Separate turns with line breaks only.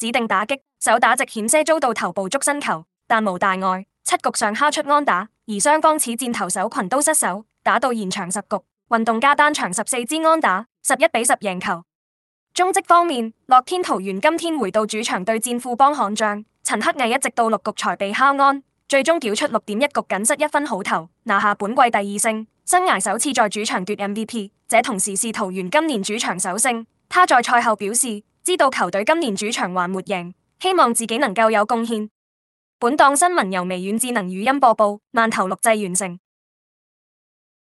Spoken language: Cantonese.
指定打擊手打直險些遭到頭部捉身球，但無大礙。七局上敲出安打，而雙方此戰投手群都失手，打到延長十局。運動家單場十四支安打，十一比十贏球。中職方面，樂天桃園今天回到主場對戰富邦悍將，陳克毅一直到六局才被敲安，最終繳出六點一局，僅失一分好投，拿下本季第二勝，生涯首次在主場奪 MVP，這同時是桃園今年主場首勝。他在賽後表示。知道球隊今年主場還沒贏，希望自己能夠有貢獻。本檔新聞由微軟智能語音播報，饅頭錄製完成。